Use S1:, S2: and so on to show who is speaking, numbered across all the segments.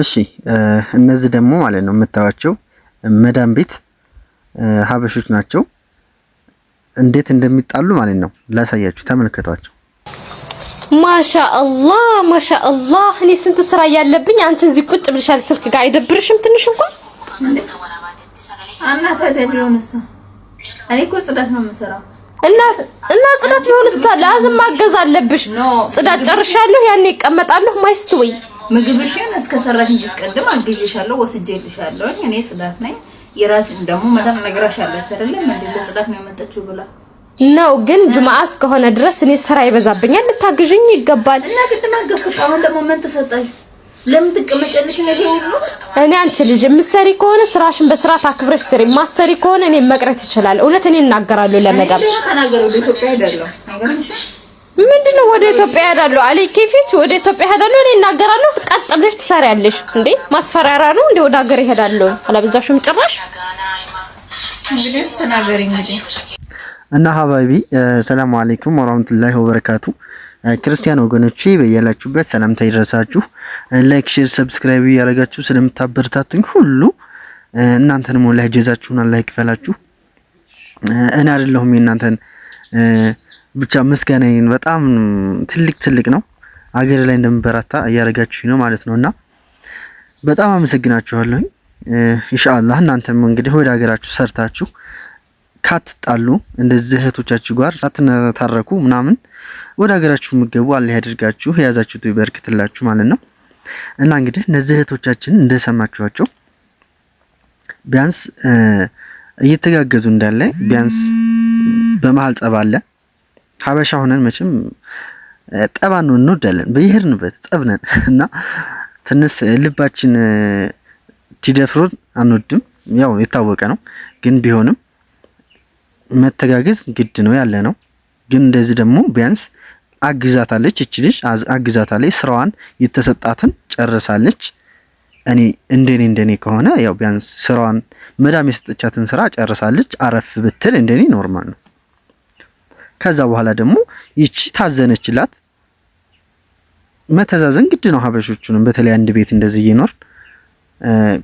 S1: እሺ እነዚህ ደግሞ ማለት ነው የምታዩቸው መዳም ቤት ሀበሾች ናቸው። እንዴት እንደሚጣሉ ማለት ነው ላሳያችሁ፣ ተመልከቷቸው።
S2: ማሻአላህ ማሻአላህ። እኔ ስንት ስራ እያለብኝ አንቺ እዚህ ቁጭ ብልሻል ስልክ ጋር አይደብርሽም? ትንሽ እንኳን እና እና ጽዳት ቢሆንስ ለአዝም ማገዝ አለብሽ። ጽዳት ጨርሻለሁ ያኔ ይቀመጣለሁ ማይስት ወይ
S3: ምግብሽን እስከ እንጂ እስቀድም አግዤሻለሁ፣ ወስጄልሻለሁ። እኔ ጽዳት ነኝ። የራስን ደግሞ መዳም ነግራሻለች አይደለም እንዴ? ለጽዳት ነው የመጣችው ብላ
S2: ነው። ግን ጁማአ እስከሆነ ድረስ እኔ ስራ ይበዛብኛል፣ ልታግዥኝ ይገባል።
S3: እና ግድ ማገዝኩሽ። አሁን ደግሞ ምን ተሰጣሽ? ለምን ትቀመጨልሽ? ነገር ሁሉ
S2: እኔ አንቺ ልጅ ምሰሪ ከሆነ ስራሽን በስርዓት አክብረሽ ስሪ። ማሰሪ ከሆነ እኔ መቅረት ይችላል። እውነት እኔ እናገራለሁ ለመዳም ምንድነው? ወደ ኢትዮጵያ ያዳሉ አለ ኬፊት። ወደ ኢትዮጵያ ያዳሉ እኔ እናገራለሁ። ቀጥ ብለሽ ትሰሪያለሽ እንዴ? ማስፈራራ ነው እንዴ? ወደ ሀገር እሄዳለሁ አላበዛሽም ጭራሽ።
S1: እና ሀባቢ ሰላም አለይኩም ወራህመቱላሂ ወበረካቱ። ክርስቲያን ወገኖቼ በያላችሁበት ሰላምታ ይድረሳችሁ። ላይክ፣ ሼር፣ ሰብስክራይብ እያደረጋችሁ ስለምታበረታቱኝ ሁሉ እናንተንም ወላሂ ጀዛችሁን አላህ ይክፈላችሁ። እኔ አይደለሁም የእናንተን ብቻ ምስጋናዬን በጣም ትልቅ ትልቅ ነው። አገር ላይ እንደምበራታ እያደረጋችሁ ነው ማለት ነው እና በጣም አመሰግናችኋለሁኝ። ኢንሻአላህ እናንተም እንግዲህ ወደ ሀገራችሁ ሰርታችሁ ካትጣሉ እንደዚህ እህቶቻችሁ ጋር ሳትነታረኩ ምናምን ወደ ሀገራችሁ የምገቡ አላህ ያድርጋችሁ፣ የያዛችሁት ይበርክትላችሁ ማለት ነው እና እንግዲህ እነዚህ እህቶቻችን እንደሰማችኋቸው ቢያንስ እየተጋገዙ እንዳለ ቢያንስ በመሀል ጸብ አለ ሀበሻ ሆነን መቼም ጠባን ነው እንወዳለን። በየሄድንበት ጸብነን እና ትንስ ልባችን ሲደፍሩን አንወድም። ያው የታወቀ ነው። ግን ቢሆንም መተጋገዝ ግድ ነው ያለ ነው። ግን እንደዚህ ደግሞ ቢያንስ አግዛታለች፣ እች ልጅ አግዛታለች። ስራዋን የተሰጣትን ጨርሳለች። እኔ እንደኔ እንደኔ ከሆነ ያው ቢያንስ ስራዋን መዳም የሰጠቻትን ስራ ጨርሳለች። አረፍ ብትል እንደኔ ኖርማል ነው። ከዛ በኋላ ደግሞ ይቺ ታዘነችላት። መተዛዘን ግድ ነው። ሀበሾቹንም በተለይ አንድ ቤት እንደዚህ እየኖር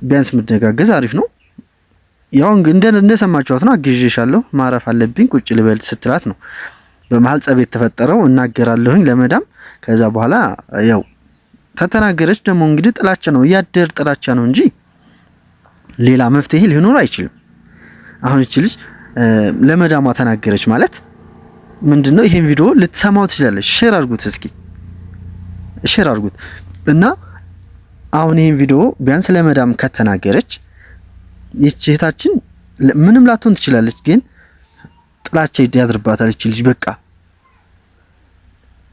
S1: ቢያንስ ምድነጋገዝ አሪፍ ነው። ያው እንደሰማችኋት ነው። አግዥሻለሁ ማረፍ አለብኝ ቁጭ ልበል ስትላት ነው በመሀል ጸቤት ተፈጠረው እናገራለሁኝ ለመዳም ከዛ በኋላ ያው ተተናገረች። ደግሞ እንግዲህ ጥላቻ ነው እያደር ጥላቻ ነው እንጂ ሌላ መፍትሄ ሊኖር አይችልም። አሁን እቺ ልጅ ለመዳሟ ተናገረች ማለት ምንድን ነው ይሄን ቪዲዮ ልትሰማው ትችላለች። ሼር አድርጉት እስኪ ሼር አድርጉት እና አሁን ይሄን ቪዲዮ ቢያንስ ለመዳም ከተናገረች ይህች እህታችን ምንም ላትሆን ትችላለች፣ ግን ጥላቻ ያድርባታል። ይች ልጅ በቃ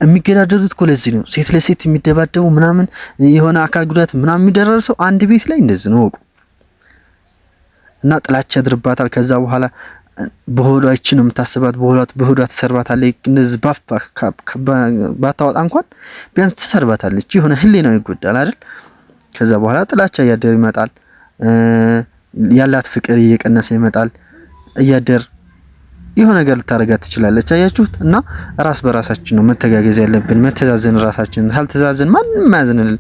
S1: የሚገዳደሉት እኮ ለዚህ ነው። ሴት ለሴት የሚደባደቡ ምናምን የሆነ አካል ጉዳት ምናምን የሚደረሰው አንድ ቤት ላይ እንደዚህ ነው እና ጥላቻ ያድርባታል። ከዛ በኋላ በሆዷ ይቺ ነው የምታስባት፣ በሆዷ ተሰርባታለች። እንደዚህ ባፍ ባታወጣ እንኳን ቢያንስ ተሰርባታለች። የሆነ ህሊናው ይጎዳል አይደል? ከዛ በኋላ ጥላቻ እያደር ይመጣል። ያላት ፍቅር እየቀነሰ ይመጣል። እያደር የሆነ ነገር ልታረጋት ትችላለች። አያችሁት? እና ራስ በራሳችን ነው መተጋገዝ ያለብን፣ መተዛዘን። ራሳችን ካልተዛዘን ማንም አያዝንልን።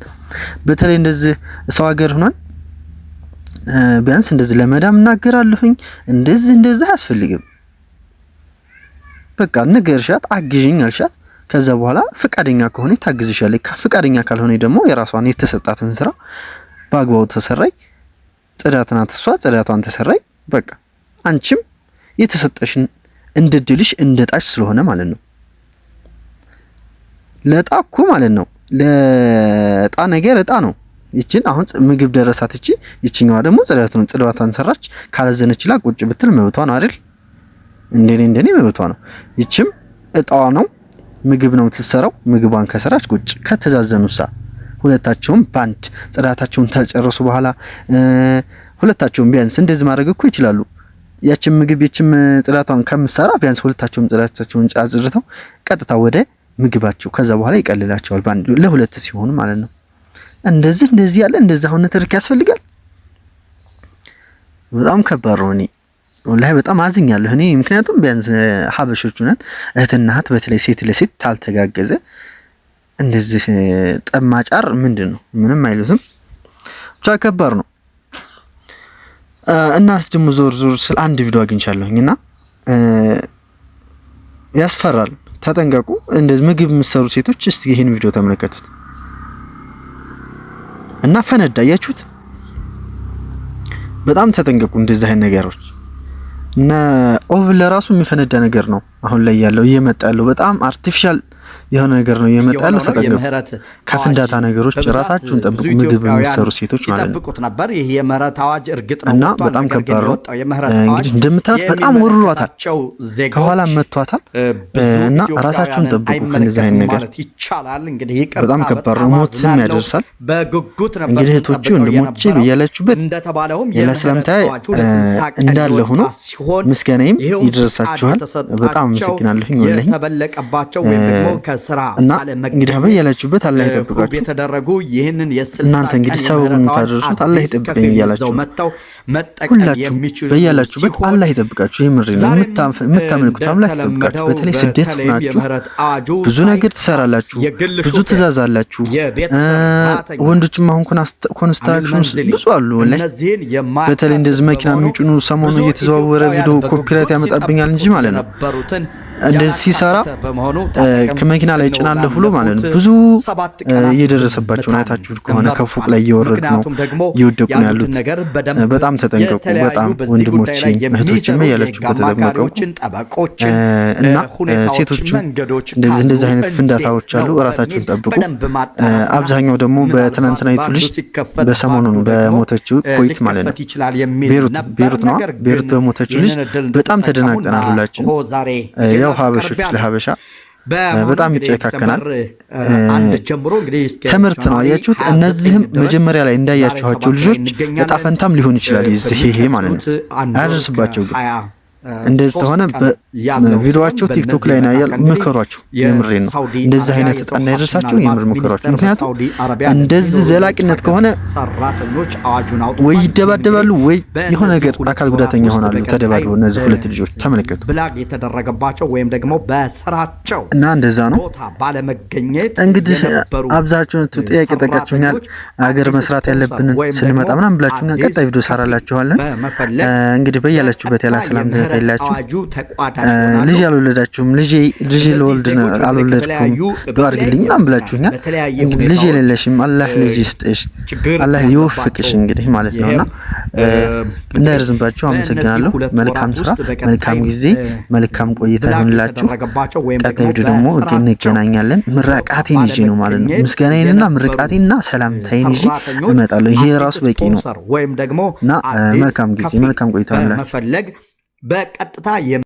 S1: በተለይ እንደዚህ ሰው ሀገር ሆነን ቢያንስ እንደዚህ ለመዳም እናገራለሁኝ እንደዚህ እንደዚህ አያስፈልግም። በቃ ንገርሻት፣ አግዥኝ አልሻት። ከዛ በኋላ ፍቃደኛ ከሆነ ታግዝሻለች፣ ከፍቃደኛ ካልሆነ ደግሞ የራሷን የተሰጣትን ስራ በአግባቡ ተሰራይ። ጽዳት ናት እሷ፣ ጽዳቷን ተሰራይ። በቃ አንቺም የተሰጠሽን እንደ ድልሽ እንደ ጣሽ ስለሆነ ማለት ነው። ለጣኩ ማለት ነው። ለጣ ነገር እጣ ነው። ይችን አሁን ምግብ ደረሳት። እቺ ይችኛዋ ደግሞ ጽዳት ነው። ጽዳቷን ሰራች። ካላዘነች ይላ ቁጭ ብትል መብቷ ነው አይደል? እንደኔ እንደኔ መብቷ ነው። ይችም እጣዋ ነው። ምግብ ነው የምትሰራው። ምግቧን ከሰራች ቁጭ ከተዛዘኑሳ ሁለታቸውም ባንድ ጽዳታቸውን ተጨረሱ በኋላ ሁለታቸውም ቢያንስ እንደዚህ ማድረግ እኮ ይችላሉ። ያችን ምግብ የችም ጽዳቷን ከምሰራ ቢያንስ ሁለታቸውም ጽዳታቸውን ጫዝርተው ቀጥታ ወደ ምግባቸው ከዛ በኋላ ይቀልላቸዋል። ለሁለት ሲሆኑ ማለት ነው። እንደዚህ እንደዚህ ያለ እንደዛ ሆነ ትርክ ያስፈልጋል። በጣም ከባድ ነው። እኔ ወላሂ በጣም አዝኛለሁ እኔ ምክንያቱም ቢያንስ ሀበሾቹ ነን እህትና እህት በተለይ ሴት ለሴት ታልተጋገዘ እንደዚህ ጠማጫር ምንድን ነው ምንም አይሉትም። ብቻ ከባድ ነው። እናስ ደግሞ ዞር ዞር ስለ አንድ ቪዲዮ አግኝቻለሁኝ እና ያስፈራል። ተጠንቀቁ። እንደዚህ ምግብ የምትሰሩ ሴቶች እስቲ ይህን ቪዲዮ ተመለከቱት። እና ፈነዳ። አያችሁት? በጣም ተጠንቀቁ እንደዚህ አይነት ነገሮች። ኦቭ ለራሱ የሚፈነዳ ነገር ነው። አሁን ላይ ያለው እየመጣ ያለው በጣም አርቲፊሻል የሆነ ነገር ነው እየመጣ ያለው። ተጠቀሙ ከፍንዳታ ነገሮች ራሳችሁን ጠብቁ። ምግብ የሚሰሩ ሴቶች ማለት ነው። ይህ የምህረት አዋጅ እርግጥ ነው እና በጣም ከባድ ነው። እንግዲህ እንደምታዩት በጣም ወርሯታል፣ ከኋላ መቷታል። እና ራሳችሁን ጠብቁ ከእንደዚህ አይነት ነገር በጣም ከባድ ነው። ሞትም ያደርሳል። እንግዲህ እህቶቼ ወንድሞቼ ብያላችሁበት የላ ሰላምታ እንዳለ ሆኖ ሲሆን ምስጋናዬም ይደረሳችኋል። በጣም አመሰግናለሁ። ይሁንልኝ ተበለቀባቸው ወይም ደግሞ ከስራ እንግዲህ በያላችሁበት አላህ ይጠብቃችሁ። የተደረጉ ይህንን እናንተ እንግዲህ ሰበቡን ታደርሱት አላህ ይጠብቀኝ እያላችሁ ሁላችሁም በያላችሁበት አላህ ይጠብቃችሁ። ይህ ምሪ ነው የምታመልኩት አምላክ ይጠብቃችሁ። በተለይ ስደት ናችሁ፣ ብዙ ነገር ትሰራላችሁ፣ ብዙ ትእዛዝ አላችሁ። ወንዶችም አሁን ኮንስትራክሽን ብዙ አሉ ላይ በተለይ እንደዚህ መኪና የሚጭኑ ሰሞኑ እየተዘዋወረ ቪዲዮ ኮፒራይት ያመጣብኛል እንጂ ማለት ነው። እንደዚህ ሲሰራ ከመኪና ላይ ጭናለሁ ብሎ ማለት ነው። ብዙ እየደረሰባቸው አይታችሁ ከሆነ ከፎቅ ላይ እየወረዱ ነው እየወደቁ ነው ያሉት። በጣም ተጠንቀቁ። በጣም ወንድሞች እህቶችም እያላችሁ ተጠንቀቁ እና ሴቶችም እንደዚህ እንደዚህ አይነት ፍንዳታዎች አሉ። እራሳችሁን ጠብቁ። አብዛኛው ደግሞ በትናንትናይቱ ልጅ በሰሞኑ ነው በሞተችው ኮይት ማለት ነው ቤሩት ቤሩት ነው ቤሩት በሞተችው ልጅ በጣም ተደናግጠናል ሁላችን ያው ሀበሾች ለሀበሻ በጣም ይጨካከናል። አንድ ጀምሮ እንግዲህ ትምህርት ነው አያችሁት። እነዚህም መጀመሪያ ላይ እንዳያችኋቸው ልጆች እጣ ፈንታም ሊሆን ይችላል ይህ ማለት ነው። አያደርስባቸው ግን እንደዚህ ተሆነ ቪዲዮቸው ቲክቶክ ላይ ናያል። ምከሯቸው፣ የምሬ ነው። እንደዚህ አይነት እጣ እንዳይደርሳቸው የምር ምከሯቸው። ምክንያቱም እንደዚህ ዘላቂነት ከሆነ ወይ ይደባደባሉ ወይ የሆነ ነገር አካል ጉዳተኛ ይሆናሉ። ተደባድበው እነዚህ ሁለት ልጆች ተመለከቱ የተደረገባቸው ወይም ደግሞ በስራቸው እና እንደዛ ነው ባለመገኘት እንግዲህ አብዛችሁን ጥያቄ ጠቃችሁኛል። አገር መስራት ያለብንን ስንመጣ ምናምን ብላችሁኛል። ቀጣይ ቪዲዮ ሰራላችኋለን። እንግዲህ በያላችሁበት ያላ ሰላም የላችሁ ልጅ አልወለዳችሁም፣ ልጅ ልወልድ አልወለድኩም ዱዓ አድርግልኝ ምናምን ብላችሁኛል። ልጅ የሌለሽም አላህ ልጅ ይስጥሽ፣ አላህ ይወፍቅሽ እንግዲህ ማለት ነው እና እንዳይርዝምባችሁ አመሰግናለሁ። መልካም ስራ፣ መልካም ጊዜ፣ መልካም ቆይታ ይሆንላችሁ። ቀጣይ ቪዲዮ ደግሞ እንገናኛለን። ምርቃቴን ይዤ ነው ማለት ነው ምስጋናዬንና ምርቃቴንና ሰላምታዬን ይዤ እመጣለሁ። ይሄ ራሱ በቂ ነው እና መልካም ጊዜ፣ መልካም ቆይታ አለ በቀጥታ